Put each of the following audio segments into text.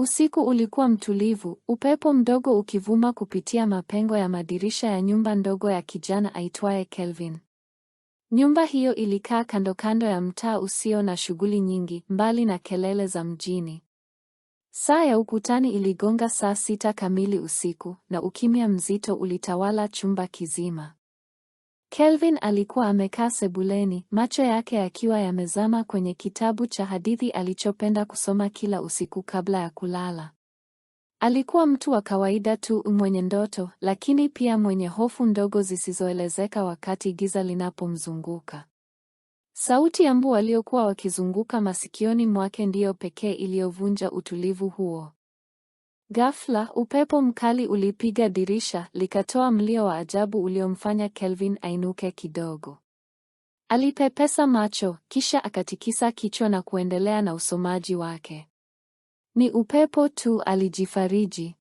Usiku ulikuwa mtulivu, upepo mdogo ukivuma kupitia mapengo ya madirisha ya nyumba ndogo ya kijana aitwaye Kelvin. Nyumba hiyo ilikaa kando kando ya mtaa usio na shughuli nyingi, mbali na kelele za mjini. Saa ya ukutani iligonga saa sita kamili usiku na ukimya mzito ulitawala chumba kizima. Kelvin alikuwa amekaa sebuleni, macho yake akiwa yamezama kwenye kitabu cha hadithi alichopenda kusoma kila usiku kabla ya kulala. Alikuwa mtu wa kawaida tu mwenye ndoto, lakini pia mwenye hofu ndogo zisizoelezeka wakati giza linapomzunguka. Sauti ya mbu waliokuwa wakizunguka masikioni mwake ndiyo pekee iliyovunja utulivu huo. Ghafla upepo mkali ulipiga dirisha, likatoa mlio wa ajabu uliomfanya Kelvin ainuke kidogo. Alipepesa macho, kisha akatikisa kichwa na kuendelea na usomaji wake. Ni upepo tu, alijifariji.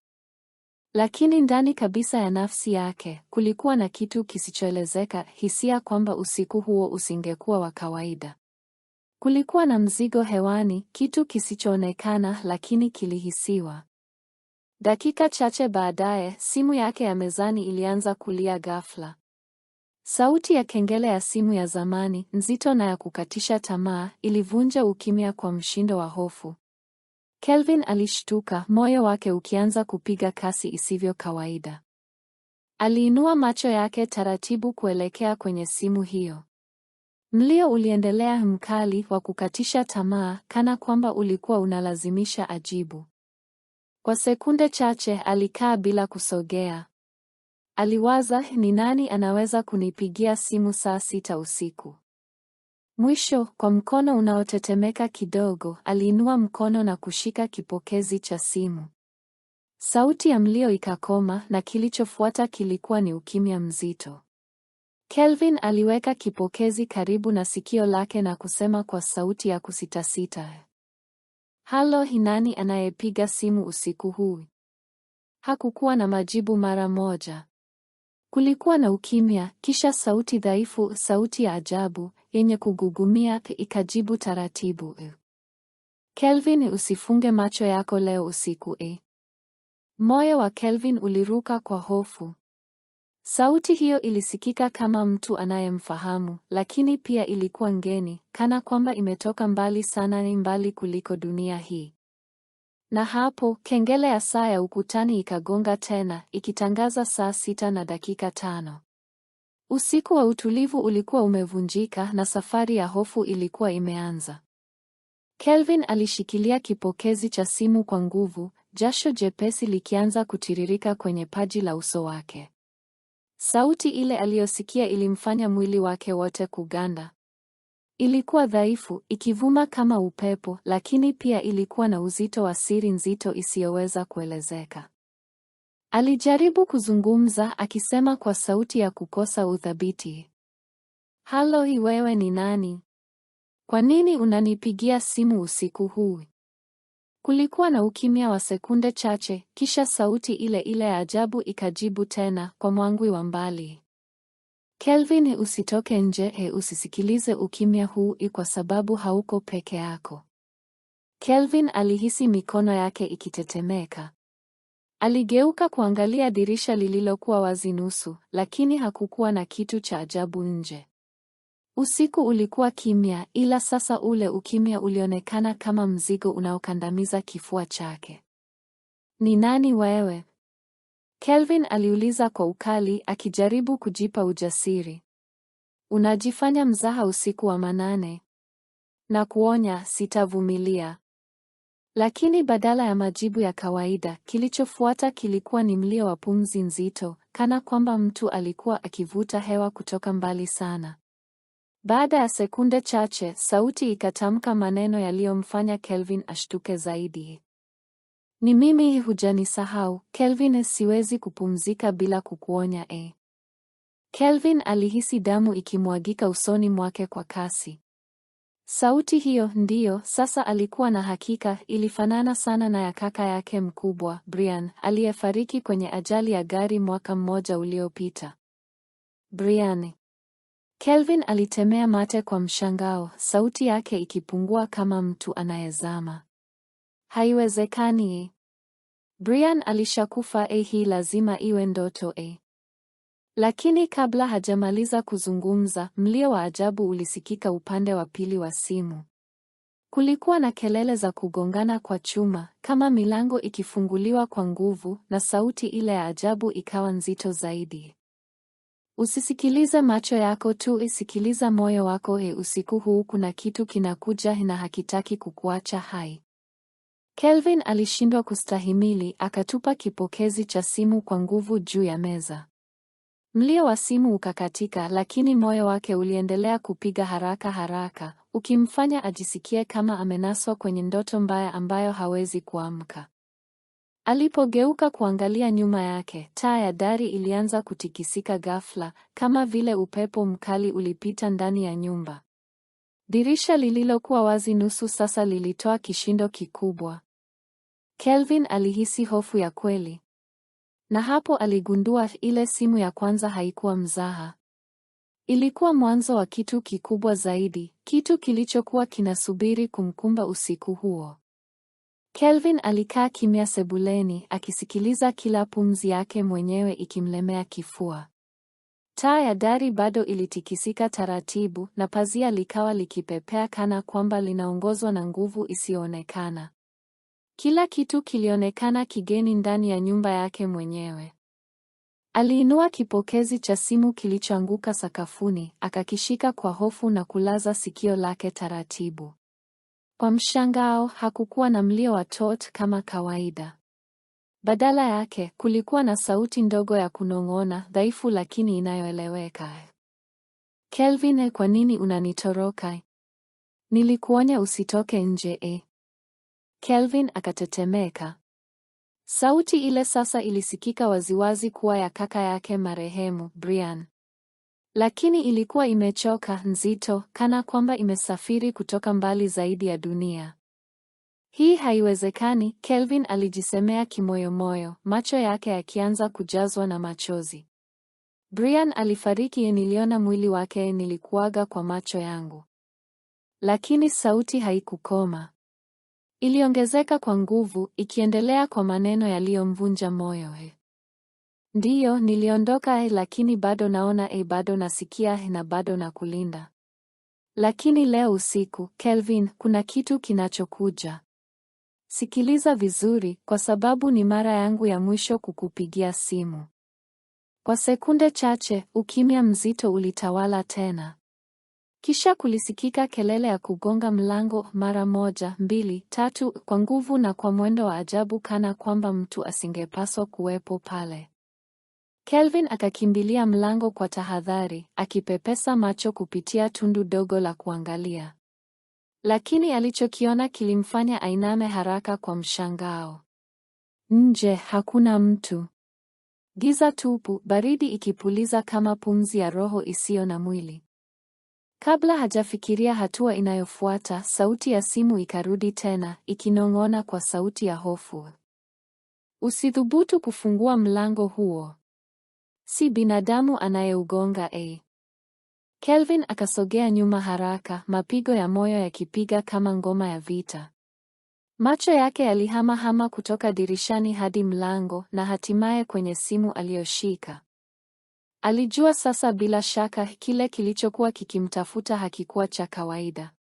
Lakini ndani kabisa ya nafsi yake kulikuwa na kitu kisichoelezeka, hisia kwamba usiku huo usingekuwa wa kawaida. Kulikuwa na mzigo hewani, kitu kisichoonekana lakini kilihisiwa. Dakika chache baadaye, simu yake ya mezani ilianza kulia ghafla. Sauti ya kengele ya simu ya zamani, nzito na ya kukatisha tamaa, ilivunja ukimya kwa mshindo wa hofu. Kelvin alishtuka, moyo wake ukianza kupiga kasi isivyo kawaida. Aliinua macho yake taratibu kuelekea kwenye simu hiyo. Mlio uliendelea mkali wa kukatisha tamaa, kana kwamba ulikuwa unalazimisha ajibu. Kwa sekunde chache alikaa bila kusogea. Aliwaza ni nani anaweza kunipigia simu saa sita usiku. Mwisho, kwa mkono unaotetemeka kidogo, aliinua mkono na kushika kipokezi cha simu. Sauti ya mlio ikakoma na kilichofuata kilikuwa ni ukimya mzito. Kelvin aliweka kipokezi karibu na sikio lake na kusema kwa sauti ya kusitasita, Halo, hinani anayepiga simu usiku huu? Hakukuwa na majibu mara moja. Kulikuwa na ukimya, kisha sauti dhaifu, sauti ya ajabu yenye kugugumia ikajibu taratibu, eh. Kelvin, usifunge macho yako leo usiku e. Moyo wa Kelvin uliruka kwa hofu. Sauti hiyo ilisikika kama mtu anayemfahamu, lakini pia ilikuwa ngeni, kana kwamba imetoka mbali sana, ni mbali kuliko dunia hii. Na hapo kengele ya saa ya ukutani ikagonga tena, ikitangaza saa sita na dakika tano. Usiku wa utulivu ulikuwa umevunjika na safari ya hofu ilikuwa imeanza. Kelvin alishikilia kipokezi cha simu kwa nguvu, jasho jepesi likianza kutiririka kwenye paji la uso wake. Sauti ile aliyosikia ilimfanya mwili wake wote kuganda. Ilikuwa dhaifu, ikivuma kama upepo, lakini pia ilikuwa na uzito wa siri nzito isiyoweza kuelezeka. Alijaribu kuzungumza akisema kwa sauti ya kukosa udhabiti. Halo, wewe ni nani? Kwa nini unanipigia simu usiku huu? Kulikuwa na ukimya wa sekunde chache, kisha sauti ile ile ya ajabu ikajibu tena kwa mwangwi wa mbali. Kelvin, usitoke nje, he, usisikilize ukimya huu i kwa sababu hauko peke yako. Kelvin alihisi mikono yake ikitetemeka. Aligeuka kuangalia dirisha lililokuwa wazi nusu, lakini hakukuwa na kitu cha ajabu nje. Usiku ulikuwa kimya, ila sasa ule ukimya ulionekana kama mzigo unaokandamiza kifua chake. Ni nani wewe? Kelvin aliuliza kwa ukali, akijaribu kujipa ujasiri. Unajifanya mzaha usiku wa manane. Na kuonya sitavumilia. Lakini badala ya majibu ya kawaida, kilichofuata kilikuwa ni mlio wa pumzi nzito, kana kwamba mtu alikuwa akivuta hewa kutoka mbali sana. Baada ya sekunde chache, sauti ikatamka maneno yaliyomfanya Kelvin ashtuke zaidi. Ni mimi, hujanisahau Kelvin, siwezi kupumzika bila kukuonya eh. Kelvin alihisi damu ikimwagika usoni mwake kwa kasi. Sauti hiyo ndiyo sasa alikuwa na hakika ilifanana sana na ya kaka yake mkubwa Brian aliyefariki kwenye ajali ya gari mwaka mmoja uliopita. Brian Kelvin alitemea mate kwa mshangao, sauti yake ikipungua kama mtu anayezama. Haiwezekani. Brian alishakufa eh, hii lazima iwe ndoto eh. Lakini kabla hajamaliza kuzungumza, mlio wa ajabu ulisikika upande wa pili wa simu. Kulikuwa na kelele za kugongana kwa chuma, kama milango ikifunguliwa kwa nguvu, na sauti ile ya ajabu ikawa nzito zaidi. Usisikilize macho yako tu, isikiliza moyo wako. E, usiku huu kuna kitu kinakuja na hakitaki kukuacha hai. Kelvin alishindwa kustahimili, akatupa kipokezi cha simu kwa nguvu juu ya meza. Mlio wa simu ukakatika, lakini moyo wake uliendelea kupiga haraka haraka, ukimfanya ajisikie kama amenaswa kwenye ndoto mbaya ambayo hawezi kuamka. Alipogeuka kuangalia nyuma yake, taa ya dari ilianza kutikisika ghafla, kama vile upepo mkali ulipita ndani ya nyumba. Dirisha lililokuwa wazi nusu sasa lilitoa kishindo kikubwa. Kelvin alihisi hofu ya kweli. Na hapo aligundua ile simu ya kwanza haikuwa mzaha. Ilikuwa mwanzo wa kitu kikubwa zaidi, kitu kilichokuwa kinasubiri kumkumba usiku huo. Kelvin alikaa kimya sebuleni akisikiliza kila pumzi yake mwenyewe ikimlemea kifua. Taa ya dari bado ilitikisika taratibu na pazia likawa likipepea kana kwamba linaongozwa na nguvu isiyoonekana. Kila kitu kilionekana kigeni ndani ya nyumba yake mwenyewe. Aliinua kipokezi cha simu kilichoanguka sakafuni, akakishika kwa hofu na kulaza sikio lake taratibu. Kwa mshangao, hakukuwa na mlio wa tot kama kawaida. Badala yake, kulikuwa na sauti ndogo ya kunong'ona, dhaifu lakini inayoeleweka. Kelvin, eh, kwa nini unanitoroka? Nilikuonya usitoke nje e Kelvin akatetemeka. Sauti ile sasa ilisikika waziwazi kuwa ya kaka yake marehemu Brian lakini ilikuwa imechoka, nzito, kana kwamba imesafiri kutoka mbali zaidi ya dunia. Hii haiwezekani, Kelvin alijisemea kimoyomoyo, macho yake yakianza kujazwa na machozi. Brian alifariki, niliona mwili wake, nilikuaga kwa macho yangu. Lakini sauti haikukoma. Iliongezeka kwa nguvu, ikiendelea kwa maneno yaliyomvunja moyo. He. Ndiyo niliondoka eh, lakini bado naona eh, bado nasikia eh, na bado nakulinda. Lakini leo usiku, Kelvin, kuna kitu kinachokuja. Sikiliza vizuri, kwa sababu ni mara yangu ya mwisho kukupigia simu. Kwa sekunde chache, ukimya mzito ulitawala tena. Kisha kulisikika kelele ya kugonga mlango mara moja, mbili, tatu, kwa nguvu na kwa mwendo wa ajabu, kana kwamba mtu asingepaswa kuwepo pale. Kelvin akakimbilia mlango kwa tahadhari, akipepesa macho kupitia tundu dogo la kuangalia. Lakini alichokiona kilimfanya ainame haraka kwa mshangao. Nje hakuna mtu. Giza tupu, baridi ikipuliza kama pumzi ya roho isiyo na mwili. Kabla hajafikiria hatua inayofuata, sauti ya simu ikarudi tena, ikinong'ona kwa sauti ya hofu. Usithubutu kufungua mlango huo si binadamu anayeugonga e. Kelvin akasogea nyuma haraka, mapigo ya moyo yakipiga kama ngoma ya vita. Macho yake yalihamahama kutoka dirishani hadi mlango na hatimaye kwenye simu aliyoshika. Alijua sasa bila shaka kile kilichokuwa kikimtafuta hakikuwa cha kawaida.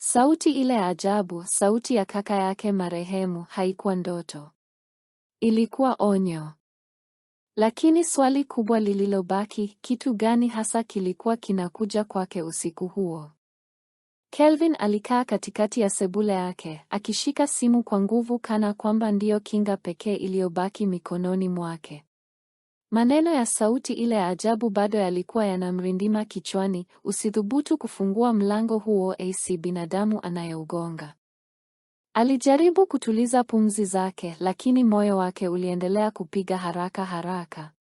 Sauti ile ya ajabu, sauti ya kaka yake marehemu, haikuwa ndoto. Ilikuwa onyo. Lakini swali kubwa lililobaki, kitu gani hasa kilikuwa kinakuja kwake usiku huo? Kelvin alikaa katikati ya sebule yake, akishika simu kwa nguvu kana kwamba ndiyo kinga pekee iliyobaki mikononi mwake. Maneno ya sauti ile ya ajabu bado yalikuwa yanamrindima kichwani, usithubutu kufungua mlango huo, AC binadamu anayeugonga. Alijaribu kutuliza pumzi zake, lakini moyo wake uliendelea kupiga haraka haraka.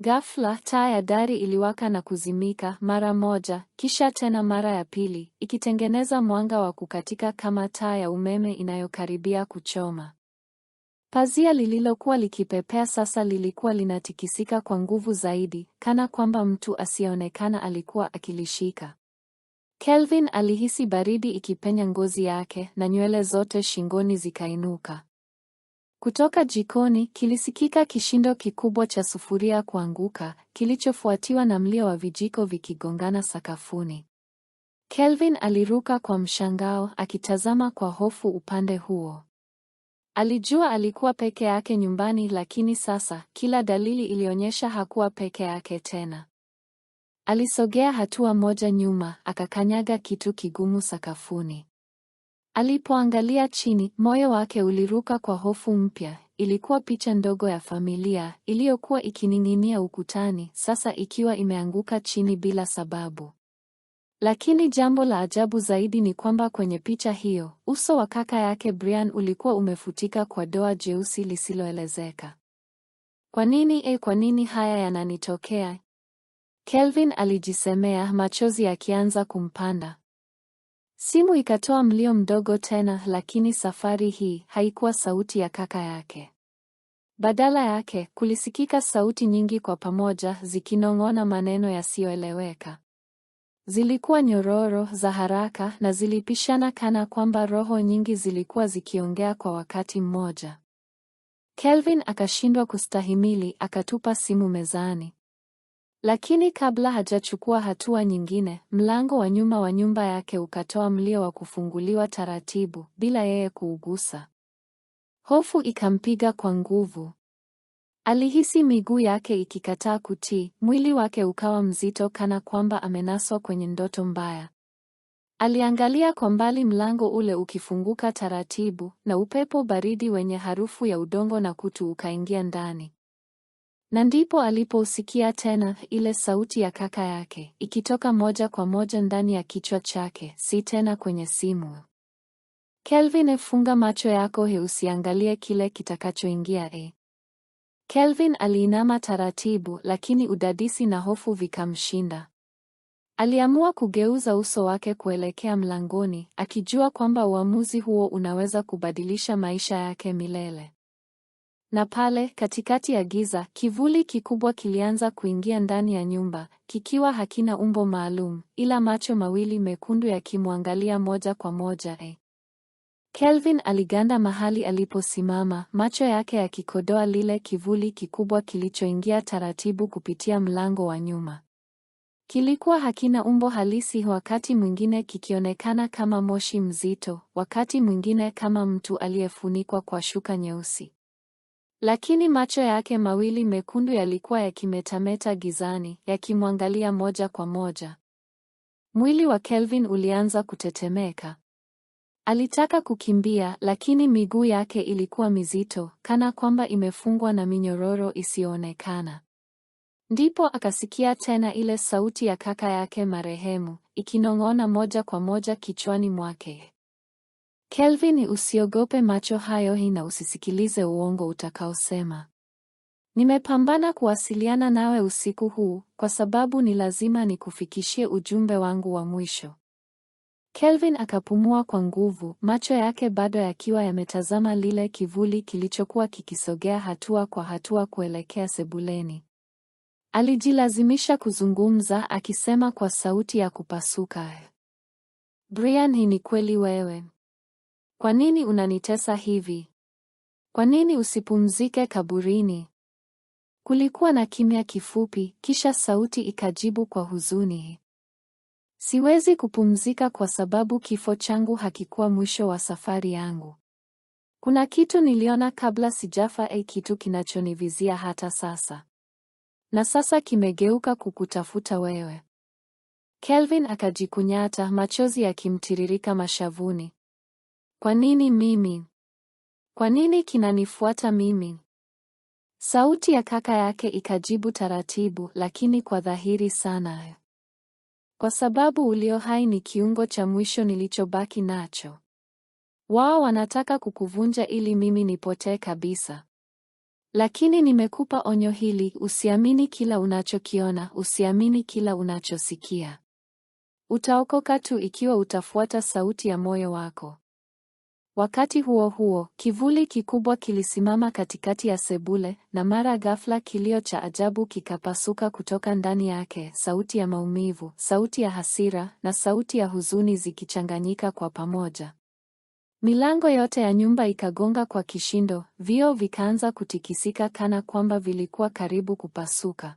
Ghafla taa ya dari iliwaka na kuzimika mara moja, kisha tena mara ya pili, ikitengeneza mwanga wa kukatika kama taa ya umeme inayokaribia kuchoma. Pazia lililokuwa likipepea sasa lilikuwa linatikisika kwa nguvu zaidi, kana kwamba mtu asiyeonekana alikuwa akilishika. Kelvin alihisi baridi ikipenya ngozi yake na nywele zote shingoni zikainuka. Kutoka jikoni kilisikika kishindo kikubwa cha sufuria kuanguka, kilichofuatiwa na mlio wa vijiko vikigongana sakafuni. Kelvin aliruka kwa mshangao akitazama kwa hofu upande huo. Alijua alikuwa peke yake nyumbani, lakini sasa kila dalili ilionyesha hakuwa peke yake tena. Alisogea hatua moja nyuma, akakanyaga kitu kigumu sakafuni. Alipoangalia chini, moyo wake uliruka kwa hofu mpya. Ilikuwa picha ndogo ya familia iliyokuwa ikining'inia ukutani, sasa ikiwa imeanguka chini bila sababu. Lakini jambo la ajabu zaidi ni kwamba kwenye picha hiyo, uso wa kaka yake Brian ulikuwa umefutika kwa doa jeusi lisiloelezeka. Kwa nini? E, kwa nini haya yananitokea? Kelvin alijisemea, machozi yakianza kumpanda. Simu ikatoa mlio mdogo tena, lakini safari hii haikuwa sauti ya kaka yake. Badala yake kulisikika sauti nyingi kwa pamoja zikinong'ona maneno yasiyoeleweka. Zilikuwa nyororo za haraka na zilipishana, kana kwamba roho nyingi zilikuwa zikiongea kwa wakati mmoja. Kelvin akashindwa kustahimili, akatupa simu mezani. Lakini kabla hajachukua hatua nyingine, mlango wa nyuma wa nyumba yake ukatoa mlio wa kufunguliwa taratibu bila yeye kuugusa. Hofu ikampiga kwa nguvu. Alihisi miguu yake ikikataa kutii, mwili wake ukawa mzito kana kwamba amenaswa kwenye ndoto mbaya. Aliangalia kwa mbali mlango ule ukifunguka taratibu na upepo baridi wenye harufu ya udongo na kutu ukaingia ndani. Na ndipo alipousikia tena ile sauti ya kaka yake ikitoka moja kwa moja ndani ya kichwa chake, si tena kwenye simu. Kelvin, efunga macho yako he, usiangalie kile kitakachoingia e. Kelvin aliinama taratibu, lakini udadisi na hofu vikamshinda. Aliamua kugeuza uso wake kuelekea mlangoni, akijua kwamba uamuzi huo unaweza kubadilisha maisha yake milele. Na pale katikati ya giza, kivuli kikubwa kilianza kuingia ndani ya nyumba, kikiwa hakina umbo maalum, ila macho mawili mekundu yakimwangalia moja kwa moja. E, Kelvin aliganda mahali aliposimama, macho yake yakikodoa lile kivuli kikubwa kilichoingia taratibu kupitia mlango wa nyuma. Kilikuwa hakina umbo halisi, wakati mwingine kikionekana kama moshi mzito, wakati mwingine kama mtu aliyefunikwa kwa shuka nyeusi. Lakini macho yake mawili mekundu yalikuwa yakimetameta gizani, yakimwangalia moja kwa moja. Mwili wa Kelvin ulianza kutetemeka. Alitaka kukimbia, lakini miguu yake ilikuwa mizito, kana kwamba imefungwa na minyororo isiyoonekana. Ndipo akasikia tena ile sauti ya kaka yake marehemu, ikinong'ona moja kwa moja kichwani mwake. Kelvin, usiogope macho hayo hii na usisikilize uongo utakaosema. Nimepambana kuwasiliana nawe usiku huu kwa sababu ni lazima nikufikishie ujumbe wangu wa mwisho. Kelvin akapumua kwa nguvu, macho yake bado yakiwa yametazama lile kivuli kilichokuwa kikisogea hatua kwa hatua kuelekea sebuleni. Alijilazimisha kuzungumza akisema kwa sauti ya kupasuka. Brian, hii ni kweli wewe? Kwa nini unanitesa hivi? Kwa nini usipumzike kaburini? Kulikuwa na kimya kifupi, kisha sauti ikajibu kwa huzuni. Siwezi kupumzika kwa sababu kifo changu hakikuwa mwisho wa safari yangu. Kuna kitu niliona kabla sijafa, e, kitu kinachonivizia hata sasa. Na sasa kimegeuka kukutafuta wewe. Kelvin akajikunyata, machozi yakimtiririka mashavuni. Kwa nini mimi? Kwa nini kinanifuata mimi? Sauti ya kaka yake ikajibu taratibu lakini kwa dhahiri sana. Kwa sababu ulio hai ni kiungo cha mwisho nilichobaki nacho. Wao wanataka kukuvunja ili mimi nipotee kabisa. Lakini nimekupa onyo hili, usiamini kila unachokiona, usiamini kila unachosikia. Utaokoka tu ikiwa utafuata sauti ya moyo wako. Wakati huo huo, kivuli kikubwa kilisimama katikati ya sebule, na mara ghafla kilio cha ajabu kikapasuka kutoka ndani yake, sauti ya maumivu, sauti ya hasira, na sauti ya huzuni zikichanganyika kwa pamoja. Milango yote ya nyumba ikagonga kwa kishindo, vioo vikaanza kutikisika kana kwamba vilikuwa karibu kupasuka.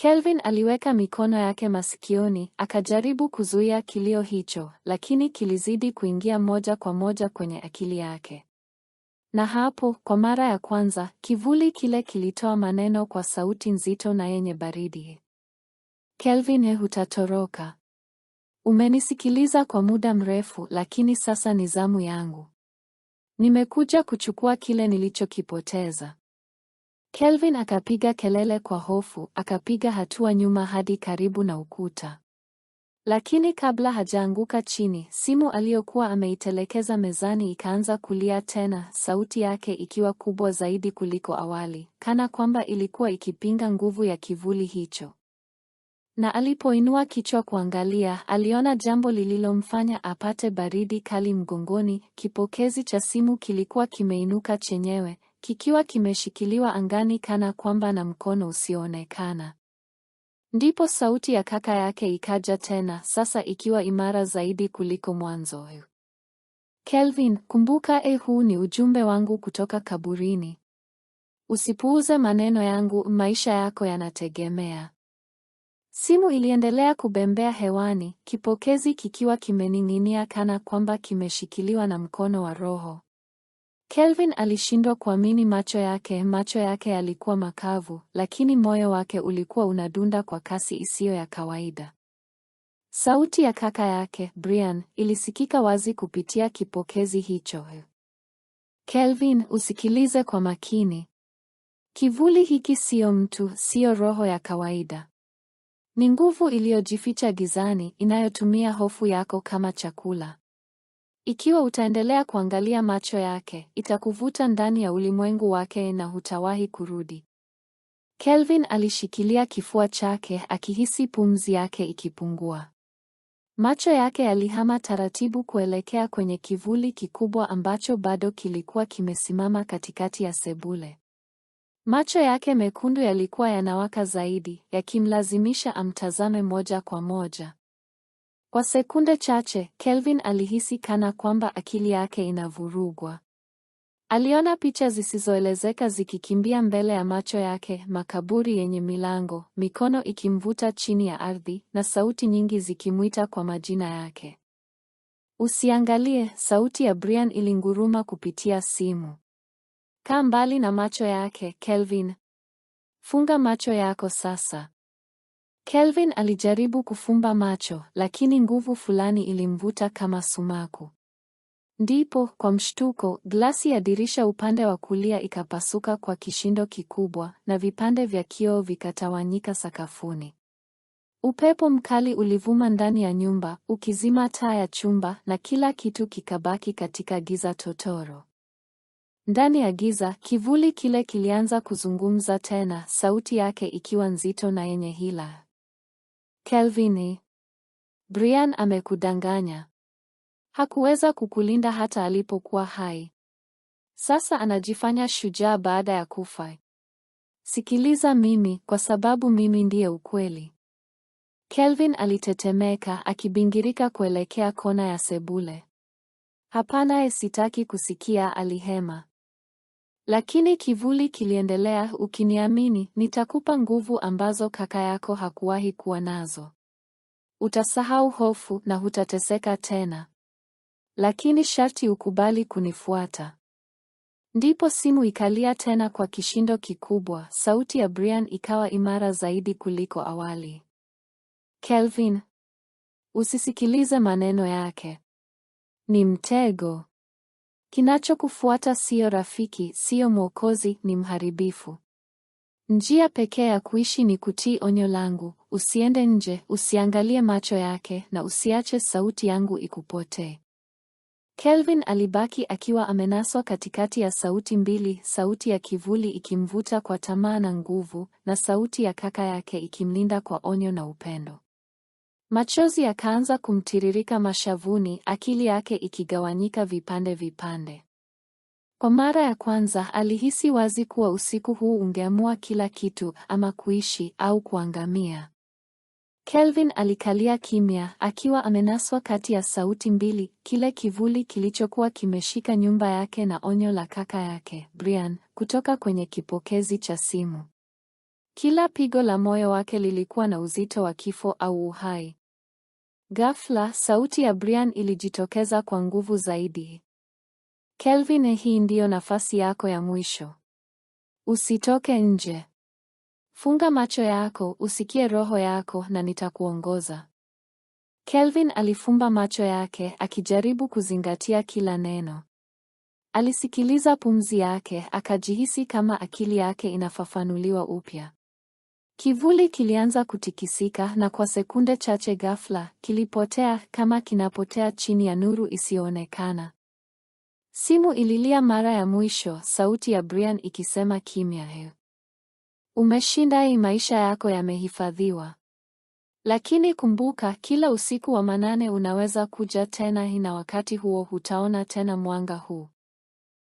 Kelvin aliweka mikono yake masikioni, akajaribu kuzuia kilio hicho, lakini kilizidi kuingia moja kwa moja kwenye akili yake. Na hapo, kwa mara ya kwanza, kivuli kile kilitoa maneno kwa sauti nzito na yenye baridi. Kelvin, hutatoroka. Umenisikiliza kwa muda mrefu, lakini sasa ni zamu yangu. Nimekuja kuchukua kile nilichokipoteza. Kelvin akapiga kelele kwa hofu, akapiga hatua nyuma hadi karibu na ukuta. Lakini kabla hajaanguka chini, simu aliyokuwa ameitelekeza mezani ikaanza kulia tena, sauti yake ikiwa kubwa zaidi kuliko awali, kana kwamba ilikuwa ikipinga nguvu ya kivuli hicho. Na alipoinua kichwa kuangalia, aliona jambo lililomfanya apate baridi kali mgongoni. Kipokezi cha simu kilikuwa kimeinuka chenyewe, kikiwa kimeshikiliwa angani kana kwamba na mkono usioonekana. Ndipo sauti ya kaka yake ikaja tena, sasa ikiwa imara zaidi kuliko mwanzo. Kelvin, kumbuka, e, huu ni ujumbe wangu kutoka kaburini. Usipuuze maneno yangu, maisha yako yanategemea. Simu iliendelea kubembea hewani, kipokezi kikiwa kimening'inia kana kwamba kimeshikiliwa na mkono wa roho. Kelvin alishindwa kuamini macho yake. Macho yake yalikuwa makavu, lakini moyo wake ulikuwa unadunda kwa kasi isiyo ya kawaida. Sauti ya kaka yake Brian ilisikika wazi kupitia kipokezi hicho. Kelvin, usikilize kwa makini. Kivuli hiki siyo mtu, siyo roho ya kawaida. Ni nguvu iliyojificha gizani, inayotumia hofu yako kama chakula. Ikiwa utaendelea kuangalia macho yake, itakuvuta ndani ya ulimwengu wake na hutawahi kurudi. Kelvin alishikilia kifua chake akihisi pumzi yake ikipungua. Macho yake yalihama taratibu kuelekea kwenye kivuli kikubwa ambacho bado kilikuwa kimesimama katikati ya sebule. Macho yake mekundu yalikuwa yanawaka zaidi, yakimlazimisha amtazame moja kwa moja. Kwa sekunde chache, Kelvin alihisi kana kwamba akili yake inavurugwa. Aliona picha zisizoelezeka zikikimbia mbele ya macho yake, makaburi yenye milango, mikono ikimvuta chini ya ardhi, na sauti nyingi zikimwita kwa majina yake. Usiangalie, sauti ya Brian ilinguruma kupitia simu. Kaa mbali na macho yake, Kelvin. Funga macho yako sasa. Kelvin alijaribu kufumba macho, lakini nguvu fulani ilimvuta kama sumaku. Ndipo kwa mshtuko, glasi ya dirisha upande wa kulia ikapasuka kwa kishindo kikubwa na vipande vya kioo vikatawanyika sakafuni. Upepo mkali ulivuma ndani ya nyumba, ukizima taa ya chumba na kila kitu kikabaki katika giza totoro. Ndani ya giza, kivuli kile kilianza kuzungumza tena, sauti yake ikiwa nzito na yenye hila. Kelvini, Brian amekudanganya. Hakuweza kukulinda hata alipokuwa hai. Sasa anajifanya shujaa baada ya kufa. Sikiliza mimi kwa sababu mimi ndiye ukweli. Kelvin alitetemeka akibingirika kuelekea kona ya sebule. Hapana, sitaki kusikia, alihema. Lakini kivuli kiliendelea, ukiniamini nitakupa nguvu ambazo kaka yako hakuwahi kuwa nazo. Utasahau hofu na hutateseka tena, lakini sharti ukubali kunifuata. Ndipo simu ikalia tena kwa kishindo kikubwa. Sauti ya Brian ikawa imara zaidi kuliko awali. Kelvin, usisikilize maneno yake, ni mtego. Kinachokufuata siyo rafiki, siyo mwokozi, ni mharibifu. Njia pekee ya kuishi ni kutii onyo langu, usiende nje, usiangalie macho yake na usiache sauti yangu ikupotee. Kelvin alibaki akiwa amenaswa katikati ya sauti mbili, sauti ya kivuli ikimvuta kwa tamaa na nguvu, na sauti ya kaka yake ikimlinda kwa onyo na upendo. Machozi yakaanza kumtiririka mashavuni, akili yake ikigawanyika vipande vipande. Kwa mara ya kwanza alihisi wazi kuwa usiku huu ungeamua kila kitu, ama kuishi au kuangamia. Kelvin alikalia kimya, akiwa amenaswa kati ya sauti mbili, kile kivuli kilichokuwa kimeshika nyumba yake na onyo la kaka yake Brian kutoka kwenye kipokezi cha simu. Kila pigo la moyo wake lilikuwa na uzito wa kifo au uhai. Ghafla sauti ya Brian ilijitokeza kwa nguvu zaidi. Kelvin, hii ndiyo nafasi yako ya mwisho. Usitoke nje. Funga macho yako, usikie roho yako na nitakuongoza. Kelvin alifumba macho yake akijaribu kuzingatia kila neno. Alisikiliza pumzi yake, akajihisi kama akili yake inafafanuliwa upya. Kivuli kilianza kutikisika na kwa sekunde chache ghafla, kilipotea kama kinapotea chini ya nuru isiyoonekana. Simu ililia mara ya mwisho, sauti ya Brian ikisema kimya, he, umeshinda hii, maisha yako yamehifadhiwa. Lakini kumbuka, kila usiku wa manane unaweza kuja tena, na wakati huo hutaona tena mwanga huu.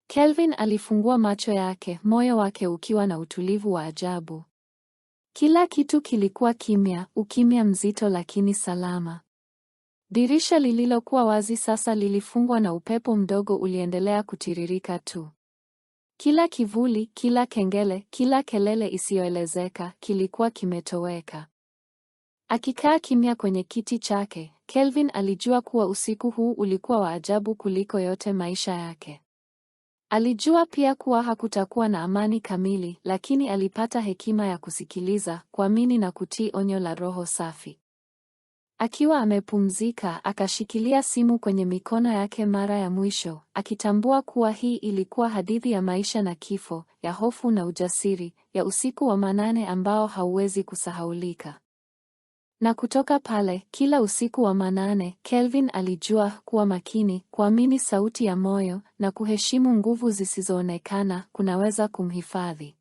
Kelvin alifungua macho yake, moyo wake ukiwa na utulivu wa ajabu. Kila kitu kilikuwa kimya, ukimya mzito lakini salama. Dirisha lililokuwa wazi sasa lilifungwa na upepo mdogo uliendelea kutiririka tu. Kila kivuli, kila kengele, kila kelele isiyoelezeka kilikuwa kimetoweka. Akikaa kimya kwenye kiti chake, Kelvin alijua kuwa usiku huu ulikuwa wa ajabu kuliko yote maisha yake. Alijua pia kuwa hakutakuwa na amani kamili, lakini alipata hekima ya kusikiliza, kuamini na kutii onyo la Roho safi. Akiwa amepumzika, akashikilia simu kwenye mikono yake mara ya mwisho, akitambua kuwa hii ilikuwa hadithi ya maisha na kifo, ya hofu na ujasiri, ya usiku wa manane ambao hauwezi kusahaulika. Na kutoka pale, kila usiku wa manane, Kelvin alijua kuwa makini, kuamini sauti ya moyo na kuheshimu nguvu zisizoonekana kunaweza kumhifadhi.